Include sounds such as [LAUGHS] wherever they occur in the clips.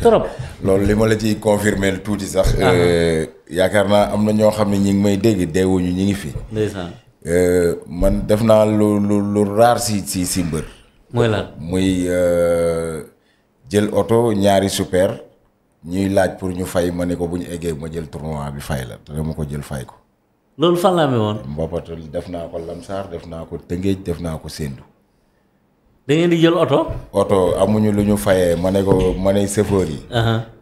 trop loolu li ma la ciy confirmer tuuti sax. Ah. Euh, yaakaar naa am na ñoo xam ne ñi ngi may dégg deewuñu ñi ngi fi. ndeysaan euh, man def naa lu lu lu raar si si si mbër. muy lan euh, jël oto ñaari super ñuy laaj pour ñu fay ma ne ko bu ñu eggee ma jël tournoi bi fay la te dama ko jël fay ko. loolu fan la amee woon. mbopat def naa ko Lamsaar def naa ko Tëngéej def naa ko Sendou. da ngeen di jël oto. oto amuñu lu ñu fayee ma ne ko ma ne chauffeur yi.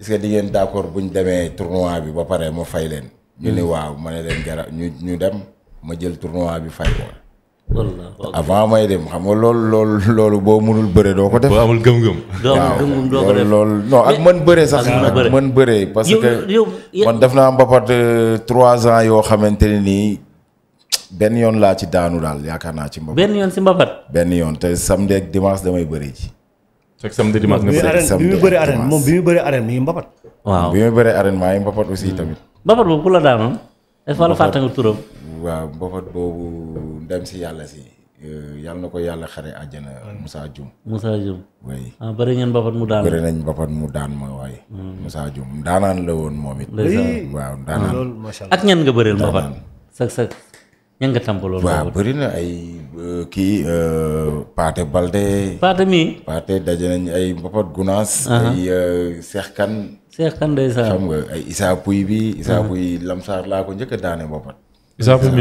est di ngeen d'accord bu ñu demee tournoi bi ba pare ma fay leen. ñu ni hmm. waaw ma ne leen jara ñu ñu dem ma jël tournoi bi fay ko. avant may dem xam nga loolu loolu loolu boo mënul bëre doo ko def. boo amul gëm-gëm. doo amul gëm-gëm doo loolu non ak mën bëre sax. ak mën bëre parce que man def naa mbapat euh, trois ans yoo xamante ne nii. benn yoon laa ci daanu daal yaakaar naa ci mbapat. benn yoon si mbapat. benn yoon te samedi ak dimanche damay bëri ji. fekk samedi dimanche nga bëri samedi bi mu bëri arène moom bi mu bëri arène mi ngi mbapat. waaw bi mu bëri arène maa ngi mbapat aussi tamit. mbapat boobu ku la si yàlla si. Euh, yàlla na ko yàlla xare àjjana Moussa Dioum. Moussa Dioum. oui ah bëri ngeen mbapat mu daan bëri nañ mbapat mu daan ma waaye. Hmm. Moussa Dioum daanaan la woon moom it. waaw daanaan ak ñan nga bëreel mbapat. sak sak ñan nga tàmbaloo bëri na ay euh, kii euh, Paate Balde. Paate mii. Paate daje nañ ay Mbapat Gunaas. ay Seex euh, Kan. Seex Kan day saa xam nga ay Isaa Puy bi. Isaa Puy Lamsaar laa ko njëkk a daane Mbapat. Isaa Puy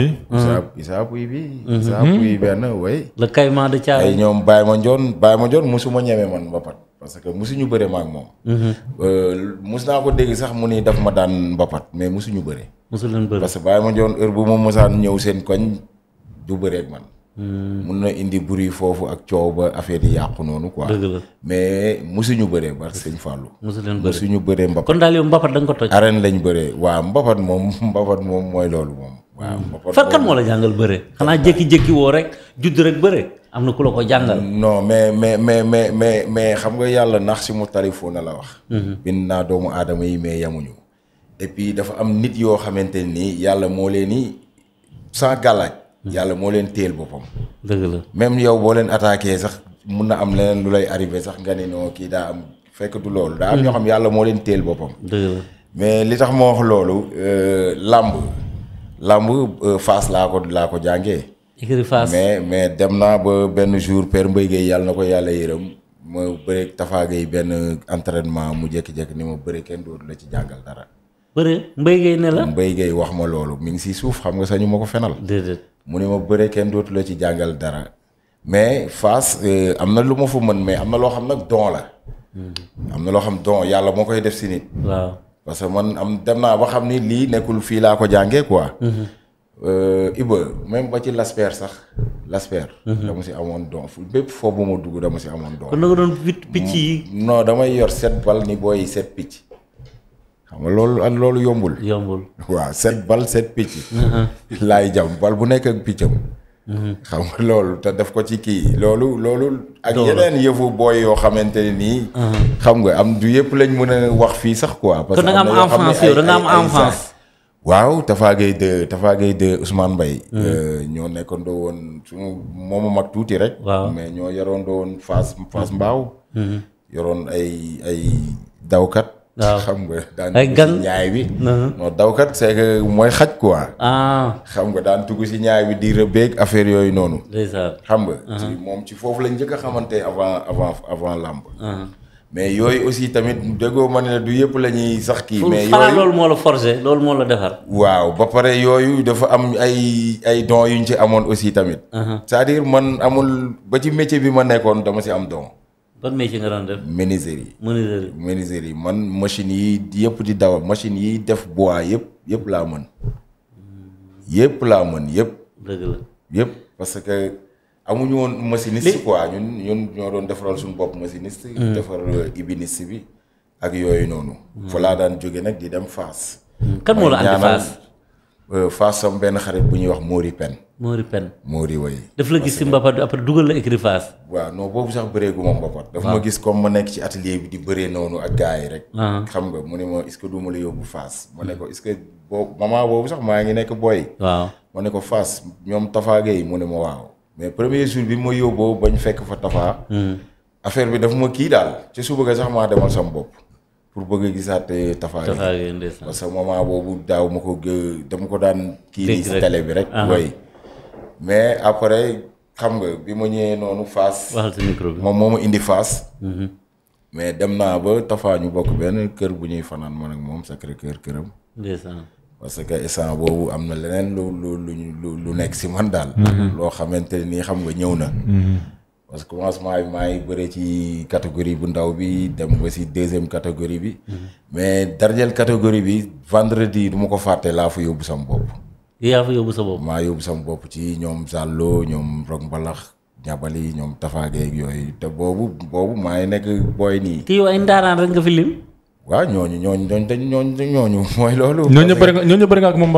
bi. Isaa benn way. la kaymaa de caay. ay ñoom Baye Ma Ndione Baye Ma Ndione ma ñeme man Mbapat. parce que musuñu bëre ma ak moom. Mhm. Euh, mus naa ko dégg sax mu ni daf ma daan mbapat mais musuñu bëre. musul leen bëre parce que bàyyi ma joon heure bu ma mosaan ñëw seen koñ du bëre ak man. Mhm. mun na indi bruit foofu ak coow ba affaire yi yàqu noonu quoi. dëgg la mais musuñu bëree ba sëñ Fallou. musul leen bëree musuñu bëree mbapat. kon daal yow mbapat da ko toj. aren lañ bëree waaw mbapat moom [LAUGHS] mbapat moom mooy loolu moom. waaw mhm. mbapat moom far kan moo la jàngal bëree. xanaa jékki-jékki woo rek judd rek bëree. am na ku la ko jàngal. non mais mais mais mais mais mais xam nga yàlla nax si mu tarifoo na la wax. Mhm. bind naa doomu aadama yi mais yamuñu. et dafa am nit yoo xamante nii yàlla moo leen ni sans mhm. yàlla moo leen téel boppam. dëgg la même yow boo leen attaqué sax mun na am leneen lu lay arrivé sax nga ne non kii daa am fekk loolu. daa ñoo mhm. xam yàlla moo leen téel boppam. dëgg mais li tax moo wax loolu euh, làmb làmb euh, Fass laa ko laa ko jàngee. écurie Fass mais mais dem naa ba benn jour Père Mbaye Gueye yàlla na ko yàlla yërëm ma bëre Tafa Gueye benn entrainement mu jékki-jékki ni ma bëre kenn dootu la ci jàngal dara. bëre Mbaye Gueye ne wax ma loolu mi ngi si suuf xam nga sañu ma ko fenal. déedéet mu ne ma bëre kenn dootu la ci jàngal dara. mais Fass euh, am na lu ma fa mën mais am na loo xam nag don la. Mm-hmm. am na loo xam don yàlla moo koy def si nit. waaw parce que man am dem naa ba xam ni lii nekkul fii laa ko jàngee quoi. Mm-hmm. Euh, Iba même ba ci Lasper sax Lasper. Mhm. dama si amoon doom bépp foofu bu ma dugg dama si amoon doom. kon nga doon picc yi. Mm. non damay yor set bal ni booy set picc. xam nga loolu loolu yombul. yombul waaw set bal set picc. Mhm. laay jam bal bu nekk ak piccam. Mhm. xam nga loolu te def ko ci kii loolu loolu. ak yeneen yëfu booy yoo xamante ne nii. xam nga am du yëpp lañ mën a wax fii sax quoi. parce que am enfance yow da am enfance. waaw Tafa Gueye 2 Tafa Gueye 2 Ousmane Mbaye hmm. euh, ñoo nekkoon doo woon suñu moomu mag tuuti rek. mais ñoo yoroon doo woon Fass Fass hmm. Mbaaw. Hmm. yoroon ay ay dawkat. waaw xam nga daan tugg si ñaay bi. dawkat c'est mooy xaj quoi. Ah. xam nga daan tugg si ñaay bi di rëbbeeg affaire yooyu noonu. xam nga. moom ci foofu lañ njëkk a xamante avant avant avant làmb. mais yooyu aussi tamit déggoo ma ne du yëpp la ñuy sax kii. mais yooyu loolu moo la forcé loolu moo la defar. waaw ba pare yooyu dafa am ay ay dons yu ñu ci amoon aussi tamit. Uh-huh. cest à man amul ba ci métier bi ma nekkoon dama si am don. ban métier nga doon def. menuiserie. menuiserie man machine yi yëpp di dawal machine yi def bois yëpp yëpp laa mën. Hmm. yëpp laa mën yëpp. dëgg la yëpp parce amuñu woon machiniste quoi ñun ñun ñoo doon defaral suñu bopp machiniste. Mm. defar euh, ibiniste bi ak yooyu noonu. Mm. fa laa daan jóge nag di dem Fass. Mm. kan moo la andi Fass euh, Fass sam benn xarit bu ñuy wax moori Pen. Mori Pen Mori woy daf la gis si mbapat après dugal la écrit waa waaw boobu sax bëree gu ma mbapat. dafa ma gis comme ma nekk ci atelier bi di bëree noonu ak gars yi rek. Ah. xam nga mu ne ma est-ce que du ma la yóbbu faas ma ne ko est-ce que boobu maman boobu sax maa ngi nekk booy. waaw ko Fass ñoom Tafa Gueye mu ne ma waaw. mais premier jour bi ma yóbboo bañ fekk fa Tafa. Hmm. affaire bi daf ma kii daal ci su bëgg sax maa demal sama bopp pour bëgg a gisaate Tafa. Tafa parce que moment boobu daaw ma ko dama ko daan. kii nii si télé bi rek. Ah. way mais après xam nga bi ma ñëwee noonu Fass. waxal micro moom moo ma indi Fass. Hmm. mais dem naa ba Tafa ñu bokk benn kër bu ñuy fanaan man ak moom Sacré-Cœur këram. ndeysaan parce que instant boobu am na leneen lu lu lu lu nekk si man daal. Mhm. loo xamante ni xam nga ñëw na. Mhm. parce que commencement bi maa ngi bëree ci catégorie bu ndaw bi dem ba si deuxième catégorie bi. Mhm. mais dernière catégorie bi vendredi du ma ko fàtte laa fa yóbbu sama bopp. yaa fa yóbbu sa bopp. maa yóbbu sama bopp ci ñoom Zallo ñoom Rock Mbalax ñabali ñoom Tafa yooyu te boobu boobu maa ngi nekk booy nii. te ay ndaanaan rek nga fi lim. waaw ñooñu ñooñu dañ ñooñu ñooñu mooy loolu. ñooñu bëri nga ñooñu bëri nga ak moom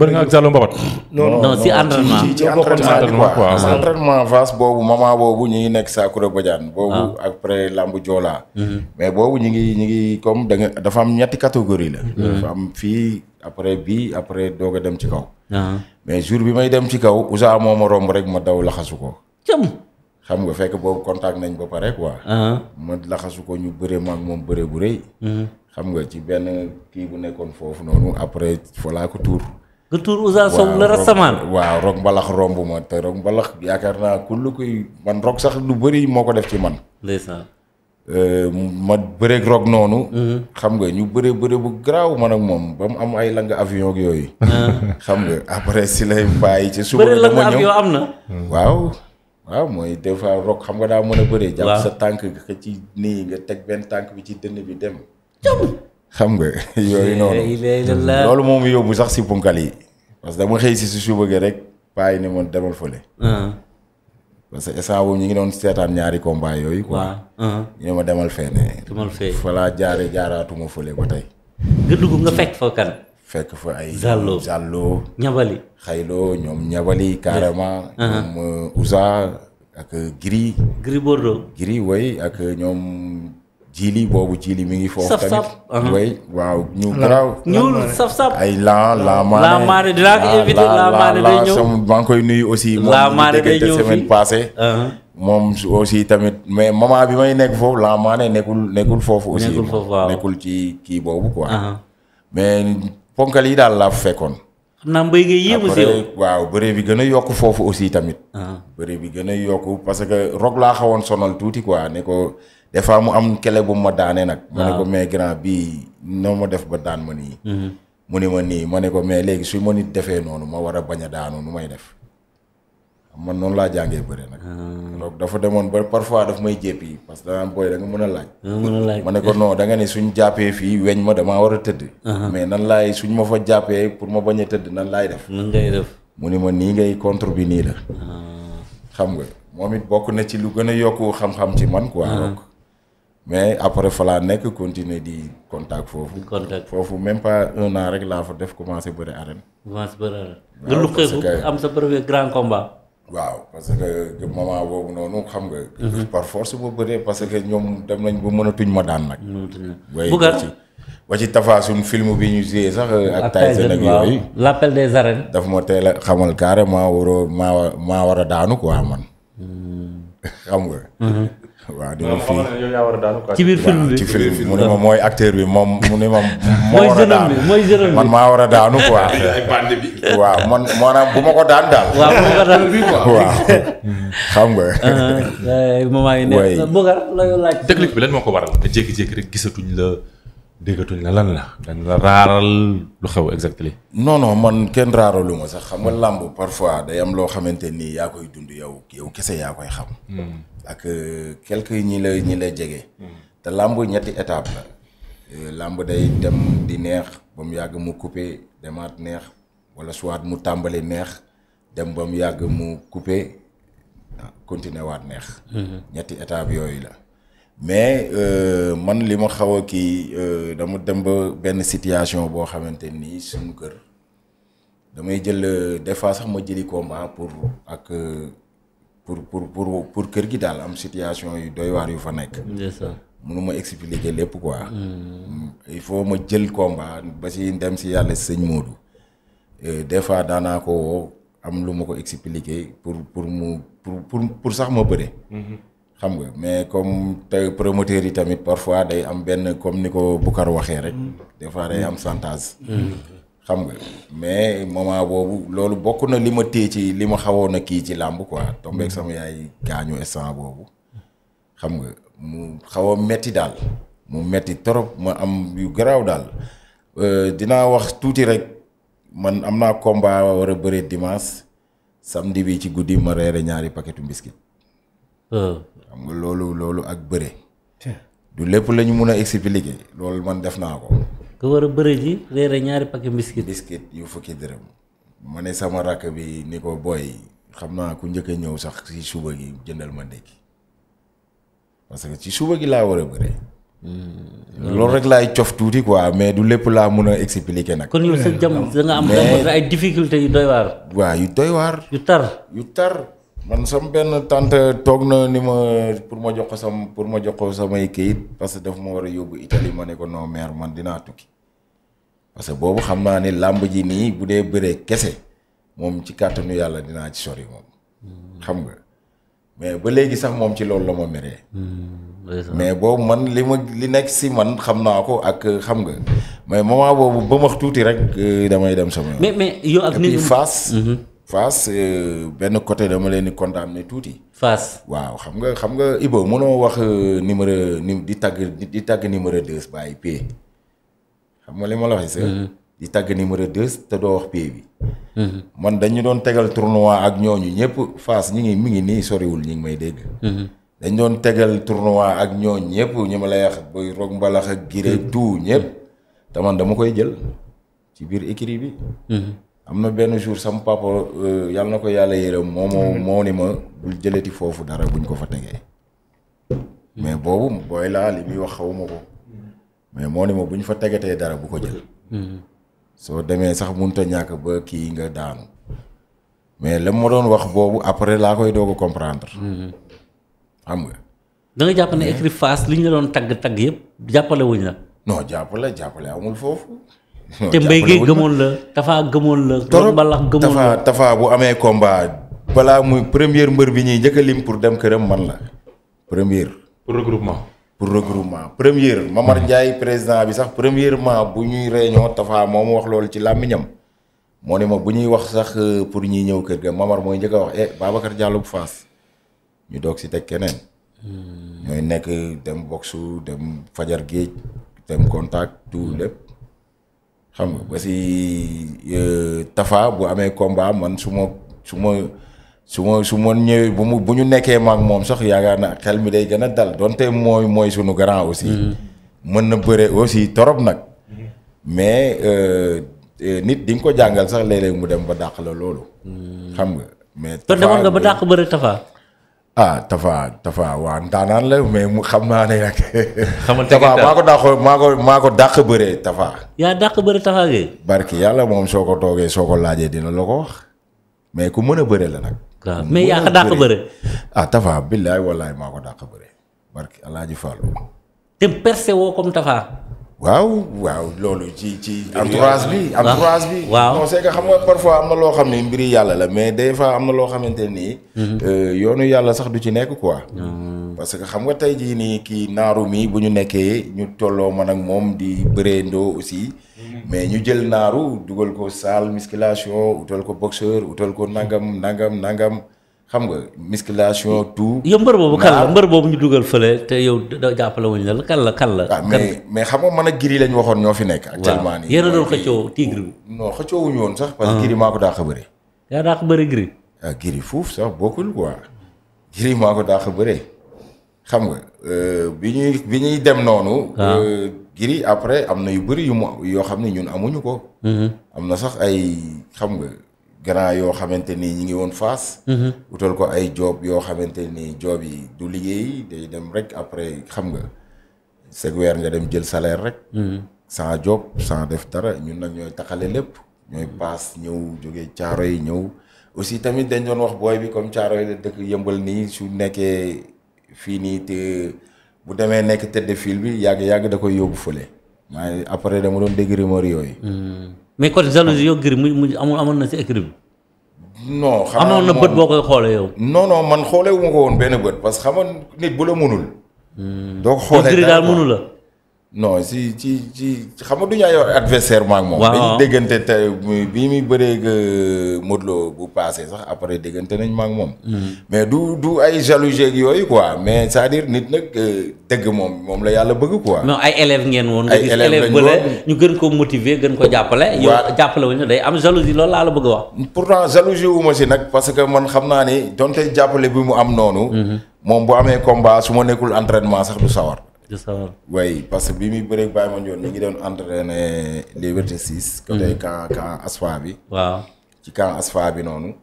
bëri nga ak Diallo Mbabat. non non si entraînement ci entraînement quoi si entraînement Fass boobu moment boobu ñu ngi nekk Sakura Badiane. boobu ah. après Lambu Joola. Mm-hmm. mais boobu ñu ngi ñu ngi comme da nga dafa am ñetti catégorie la. Mm-hmm. dafa am fii après bii après doog a dem ci kaw. Ah. mais jour bi may dem ci kaw Ousa amoo ma romb rek ma daw laxasu ko. xam nga fekk boobu contact nañ ba pare quoi. Uh-huh. ma laxasu ko ñu bëree ma ak moom bëree bu rëy. Uh-huh. xam nga ci benn kii bu nekkoon foofu noonu après voilà ko tuur. nga tuur Ouza Sow la rasamaan waaw romb ma te rog yaakaar naa ku lu man rog sax lu bëri moo ko def ci man. ndeysaan. Euh, ma bëreeg rog noonu. Uh-huh. xam nga ñu bëree bëri bu garaaw man ak moom ba mu am ay lang avion ak yooyu. xam nga après si lay bàyyi ci suba. bëri lang avion waaw. waaw mooy des fois rok xam nga daa mën a bëree. jàpp sa tànk nga ci nii nga teg benn tànk bi ci dënn bi dem. xam nga [LAUGHS] yooyu noonu. loolu moom yóbbu sax si punkal yi. parce que dama xëy si su suba gi rek bàyyi ne ma demal fële. Ah. parce que instant boobu ñu ngi doon seetaan ñaari combat yooyu. quoi ah. ñu ne ma demal fee ne. demal fee fa laa jaaree jaaraatuma fële ba tey. nga dugg nga fekk fa kan. fekk fa ay. Zallo Zallo. ñabali xayloo ñoom ñabali carrément. ñoom uh-huh. euh, Ouza ak Gris. Gris Bordeaux. Gris way ak ñoom. jili boobu jili mi ngi foofu tamit saf uh-huh. saf. ay la la maane la maane dinaa ko invité koy nuyu aussi. la maane semaine passée. Uh-huh. moom aussi tamit mais moment bi may nekk foofu la maane nekkul nekkul foofu. aussi nekkul ci kii boobu quoi. mais. ponkal yi daal laa fa fekkoon. xam naa mbéy ngay si waaw bëree bi gën a yokk foofu aussi tamit. Ah. bëree bi gën a yokk parce que rog laa xawoon sonal tuuti quoi ne ko des fois mu am kele bu ma daanee nag. ma ne ah. ko mais grand bii noo ma def ba daan ma nii. Mhm. mu ne ma nii ma ne ko mais léegi su ma nit defee noonu ma war a bañ a daanu nu may def. man noonu laa jàngee bëri nag. donc ah. dafa demoon ba parfois daf may jépp yi parce que danaan booy da ah, mën a laaj. ma ne ko non da nga ne suñ jàppee fii weñ ma damaa war a tëdd. Ah. mais nan laay suñ ma fa jàppee pour ma bañ a tëdd nan laay def. nan ngay def mu ni ma nii ngay contre bi nii la. xam nga moom it bokk na ci lu gën a yokk xam-xam ci man quoi. mais après falaa nekk continuer di contact foofu. contact foofu même pas un rek laa fa def commencé bëri arène. commencé nga lu xeexu am sa waaw parce que moment boobu noonu xam nga. Mhm. par force boo bëree parce que ñoom dem nañ ba mënatuñ ma daan nag. buga ci ba ci tafaasun film bi ñu joué sax. ak Tyson ak yooyu l'appel des arènes. daf ma teel a xamal carrément waroo maa maa war a daanu quoi man. Hmm. [LAUGHS] xam nga. Mhm. waaw di ma fi ci biir film bi ci film bi mu ne ma mooy acteur bi moom mu ne ma. [LAUGHS] mooy man maa war a daanu quoi. [LAUGHS] waaw man maanaam bu ma ko daan daal. waaw bu ma ko daan waaw. xam nga. [LAUGHS] Ah, moment technique bi lan moo ko waral te jékki-jékki rek gisatuñ la déggatuñ la lan la dañ la raaral lu xew exactement. non man kenn raaralu ma sax xam nga làmb parfois day am loo xamante nii yaa koy dund yow yow kese yaa koy xam. Hmm. ak euh, quelques ñi la ñi la jege. Mm-hmm. te làmb ñetti étape la. Euh, làmb day dem di neex ba mu yàgg mu coupé demaat neex wala soit mu tàmbali neex dem ba mu yàgg mu coupé ah, continué waat neex. Mm-hmm. ñetti étape yooyu la. mais euh, man li ma xaw a kii dama dem ba benn situation boo xamante nii suñu kër damay jël des fois sax ma jëli combat pour ak. pour pour pour pour kër gi daal am situation yi doy waar yu fa nekk. mënuma expliquer lépp quoi. Hmm. Mm, il faut ma jël combat ba si dem si yàlla sëñ Modou. Euh, des fois daanaa ko woo am lu ma ko expliquer pour pour mu pour pour pour sax ma bëre. Mhm. xam nga mais comme tey promoteur yi tamit parfois day am benn comme ni ko Boucar waxee rek. Mhm. des day am chantage. Hmm. xam nga mais moment boobu loolu bokk na li ma téye ci li ma xawoon a kii ci làmb quoi tombeeg mm-hmm. sama yaay gaañu instant boobu xam nga mu xaw a metti daal mu metti torop ma am yu garaaw daal euh, dinaa wax tuuti rek man am naa combat war a bëre dimanche samedi ci guddi ma ñaari paquetu biscuit euh. xam nga loolu loolu ak bëre du lépp lañu mun a expliquer loolu man def naa ko nga war a bëre ji réere ñaari paquet biscuit. biscuit yu fukki dërëm ma ne sama rakk bi ni ko booy xam naa ku njëkk ñëw sax ci suba gi jëndal ma ndekki que ci suba gi laa war a bëre. Hmm. loolu rek laay cof tuuti quoi mais du lépp laa mun a expliquer nag. kon yow sa jam [LAUGHS] da nga am ay difficultés yu doy waar. waaw yu doy waar. yu tar yu tar. man sama benn tante toog na ni ma pour ma jox ko sama pour ma jox ko samay kayit parce que daf ma war a yóbbu Italie ma ne ko non mère man dinaa tukki parce que boobu xam naa ni làmb ji nii bu dee bëree kese moom ci kàttanu yàlla dinaa ci sori moom. xam nga mais ba léegi sax moom ci loolu la ma meree. mais boobu man li ma li nekk si man xam naa ko ak xam nga mais moment boobu ba max tuuti rek euh, damay dem sama. ak. et puis Fass euh, benn côté dama leen di condamné tuuti. Fass waaw xam nga xam nga Ibo mënoo wax euh, numéro di tagg di tagg numéro 2 bàyyi P. xam nga li ma la waxee sax. Mm-hmm. di tagg numéro 2 te doo wax P bi. Mm-hmm. man dañu doon tegal tournoi ak ñooñu ñëpp fas ñi ngi mi ngi nii soriwul ñi ngi may dégg. Mm-hmm. dañ doon tegal tournoi ak ñooñu ñëpp ñu ma la wax boy Rock Mbalax ak Giré tout ñëpp. te man dama koy jël ci biir écrit bi. am na benn jour sama papa euh, yàlla na ko yàlla yërëm moo moo mm-hmm. moo ni ma bul jëlati foofu dara buñ ko fa tegee mais mm-hmm. boobu booy laa li muy wax xawuma ko mm-hmm. mais moo ni ma buñ fa tegatee dara bu ko jël soo demee sax munta ñàkk ba kii nga daanu mais la ma doon wax boobu après laa koy doog a comprendre xam nga da nga jàpp ne écrit li ñu la doon tagg tagg yëpp jàppale wuñ la non jàppale jàppale amul foofu te Mbaye Guèye gëmoon la Tafa gëmoon la. trop Tafa bu amee combat balaa muy première mbër bi ñuy njëkk a lim pour dem këram man la première. pour regroupement. pour regroupement première Mamar hmm. Ndiaye président bi sax premièrement bu ñuy réunion Tafa mu wax loolu ci làmmiñam moo ne ma bu ñuy wax sax euh, pour ñuy ñëw kër gi Mamar mooy njëkk wax eh Babacar Diallo bu Fass ñu doog si teg keneen. Hmm. ñooy nekk dem boxu dem fajar géej dem contact tout hmm. lépp. xam nga ba si euh, Tafa bu amee combat man su ma su ma su ma su ma ñëwee bu mu bu ñu nekkee maak moom sax yaakaar na xel mi day gën a dal donte mooy mooy sunu grand aussi. Mm-hmm. mën na bëre aussi torop nag. mais euh, euh, nit di ko jàngal sax léeg mu dem ba dàq la loolu. Mm-hmm. xam nga mais. Tafa nga ba dàq bëre Tafa. ah Tafa Tafa waa ndaanaan la mais mu xam naa ne nag. xamante Tafa maa ko dàq maa ko maa ko dàq bëree Tafa. yaa dàq bëre Tafa Gueye. barki yàlla moom soo ko toogee soo ko laajee dina la ko wax mais ku mën a bëre la nag. waaw mais yaa ko dàq bëre. ah Tafa billaay wallaay maa ko dàq bëre barki El Hadj Fallou. te percé woo comme Tafa. waaw waaw loolu ci ci. am entourage bi am entourage bi. waaw non c'est xam nga parfois am na loo xam ne mbir yàlla la mais des fois am na loo xamante nii mhm. euh, yoonu yàlla sax du ci nekk quoi. Ah. parce que xam nga tey jii nii kii naaru mi bu ñu nekkee ñu tolloo man ak moom di bëree ndoo aussi. Mhm. mais ñu jël naaru dugal ko salle musculation utal ko boxeur utal ko nangam nangam nangam. xam nga musculation tout. yow mbër boobu kan la mbër boobu ñu dugal fële te yow jàppale wuñ la kal la kan la. mais mais xam nga man ak giri lañ waxoon ñoo fi nekk. actuellement nii yéen a doon xëccoo tigre bi. non xëccoo woon sax. parce que ah. giri maa ko daax a bëri. yaa daax a bëri giri. ah foofu sax bokkul quoi. giri maa a bëri. xam nga euh, bi ñuy bi ñuy dem noonu. Ah. Euh, giri après am na yu bëri yu mu yoo xam ne ñun amuñu ko. Mm-hmm. am na sax ay xam nga. grand yoo xamante ni ñi ngi woon face mhm. utal ko ay job yoo xamante ni job yi du liggéey day dem rek après xam nga seg nga dem jël salaire rek mhm. sans job sans def dara ñun nag ñooy taxale lépp ñooy mhm. paas ñëw jógee caaro yi ñëw aussi tamit dañ doon wax booy bi comme caaro yi la dëkk yëmbal nii su nekkee fii nii te bu demee nekk tëdd fil bi yàgg-yàgg da koy yóbbu fële maa après dama doon dégg rumeur yooyu mais côté jalousie yow Gris mu mu amul amoon na si écrit bi. non xanaa amoon na bët boo koy xoolee yow. non non man xoolee wu ko woon benn bët parce que xam nit bu la mënul. Hmm. doo ko xoolee daal mënul la. non si ci ci xam nga du ñu ay adversaire ma ak moom. dañu déggante tey bi muy bëree euh, Modou bu paasee sax après déggante nañ ma ak moom. Mm-hmm. mais du du ay jalousie ak yooyu quoi mais cest diir nit nag euh, dëgg moom moom la yàlla bëgg quoi. non ay élèves ngeen woon. ay élèves lañ woon ñu gën ko motiver gën ko jàppale. yow jàppale wuñu day am jalousie loolu laa la bëgg a wax. pourtant jalousie wu si nag parce que man xam naa ni donte jàppale bi mu am noonu. Mm-hmm. moom bu amee combat su nekkul entraînement sax du sawar. de savoir. oui parce que bi muy bëreeg Baye yoon ñu ngi doon entraîné Liberté 6. côté mhm. camp camp Asfa bi. waaw ci camp Asfa bi noonu.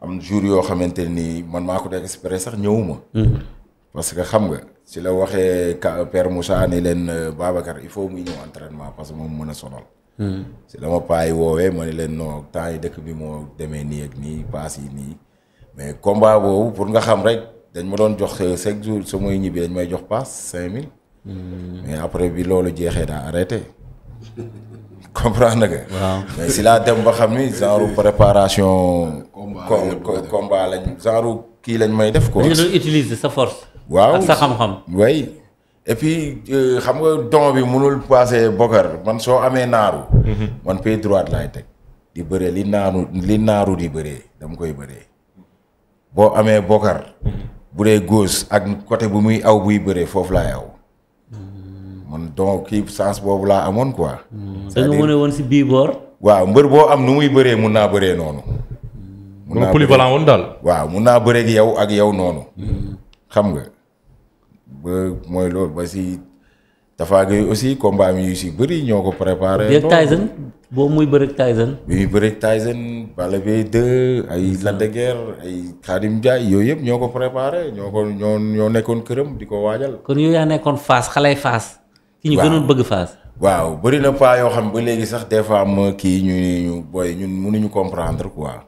am jour yoo xamante nii man maa ko dee exprès sax ñëwuma. Mhm. parce que xam nga ci la waxee ka Père Moussa ne leen euh, Babacar il faut muy ñëw entraînement parce que moom mën a sonal. si mhm. la ma paay woowee ma ne leen non temps yi dëkk bi moo demee nii ak nii paas yi nii mais combat boobu pour nga xam rek dañ ma doon jox euh, chaque jour su may ñibbi dañ may jox paas cinq Hmm. mais après bi loolu jeexee daa arrêté comprendre nga. waaw mais si laa dem ba xam ni genre [LAUGHS] préparation. combat lañ genre kii lañ may def quoi. li nga doon utiliser sa force. waaw ak sa xam-xam. way et euh, xam nga don bi mënul passé bokar man soo amee naaru. Mhm. man pied droite laay teg. di bëree li naaru li naaru di bëree dama koy bëree. boo amee bokar mhm. bu dee gauche ak côté bu muy aw buy bëree foofu laay aw. man donc kii sens boobu laa amoon quoi. Hmm. c'est-à-dire da woon si bii boor. waaw mbër boo am nu muy bëree mun naa bëree noonu. mun naa polyvalent woon daal. waaw mun naa bëree ak yow ak yow noonu. Hmm. xam nga ba mooy loolu ba si dafa Gueye aussi combat yu si bëri ñoo ko préparé. beeg Tyson boo muy bëreeg Tyson. bi muy bëreeg Tyson Balla Gaye 2 ay hmm. Lac de Guiers ay Khadim Ndiaye yooyu yëpp ñoo ko préparé ñoo ko ñoo nekkoon këram di ko waajal. kon yow yaa nekkoon Fass xale Fass. ki ñu gënoon bëgg Fass. waaw bëri na pas yoo xam ba léegi sax des fois ma kii ñu ñu booy ñun mënuñu comprendre quoi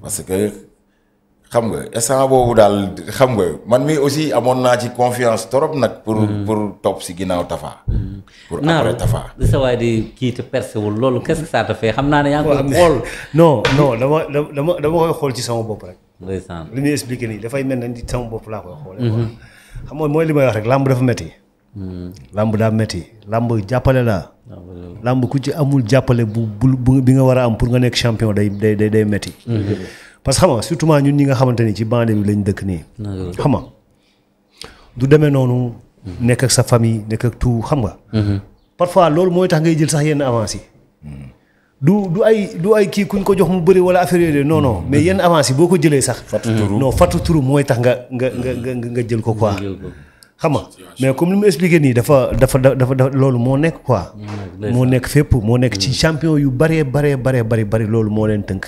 parce que xam nga instant boobu daal xam nga man mi aussi amoon naa ci confiance torop nag. pour hmm. pour topp si ginnaaw Tafa. Hmm. pour après Tafa. di sa di kii te percé loolu qu'est-ce que ça te fait xam naa ne yaa ngi koy xool. [LAUGHS] non non dama dama dama koy xool ci sama bopp rek. ndeysaan li muy expliqué nii dafay mel ne ni bopp laa koy xoolee. Hmm. mooy li may wax rek làmb dafa métti. làmb daa metti làmb jàppale la làmb ku ci amul jàppale bu bu bi nga war a am pour nga nekk champion day day day day metti parce que xam nga surtout ñun ñi nga xamante ni ci bande bi lañ dëkk nii xam nga demee noonu nekk sa famille nekk ak xam nga parfois loolu mooy tax ngay jël sax yenn avance du du ay du ay kii kuñ ko jox mu bëri wala affaire yooyu non non mais yenn avance yi boo ko jëlee sax non fàttu turu mooy tax nga nga nga nga nga jël ko quoi xama mais comme li mu expliqué nii dafa dafa dafa dafa loolu moo nekk quoi. moo nekk fépp moo nekk ci hmm. champion yu bëree baree baree bëri loolu moo leen tënk.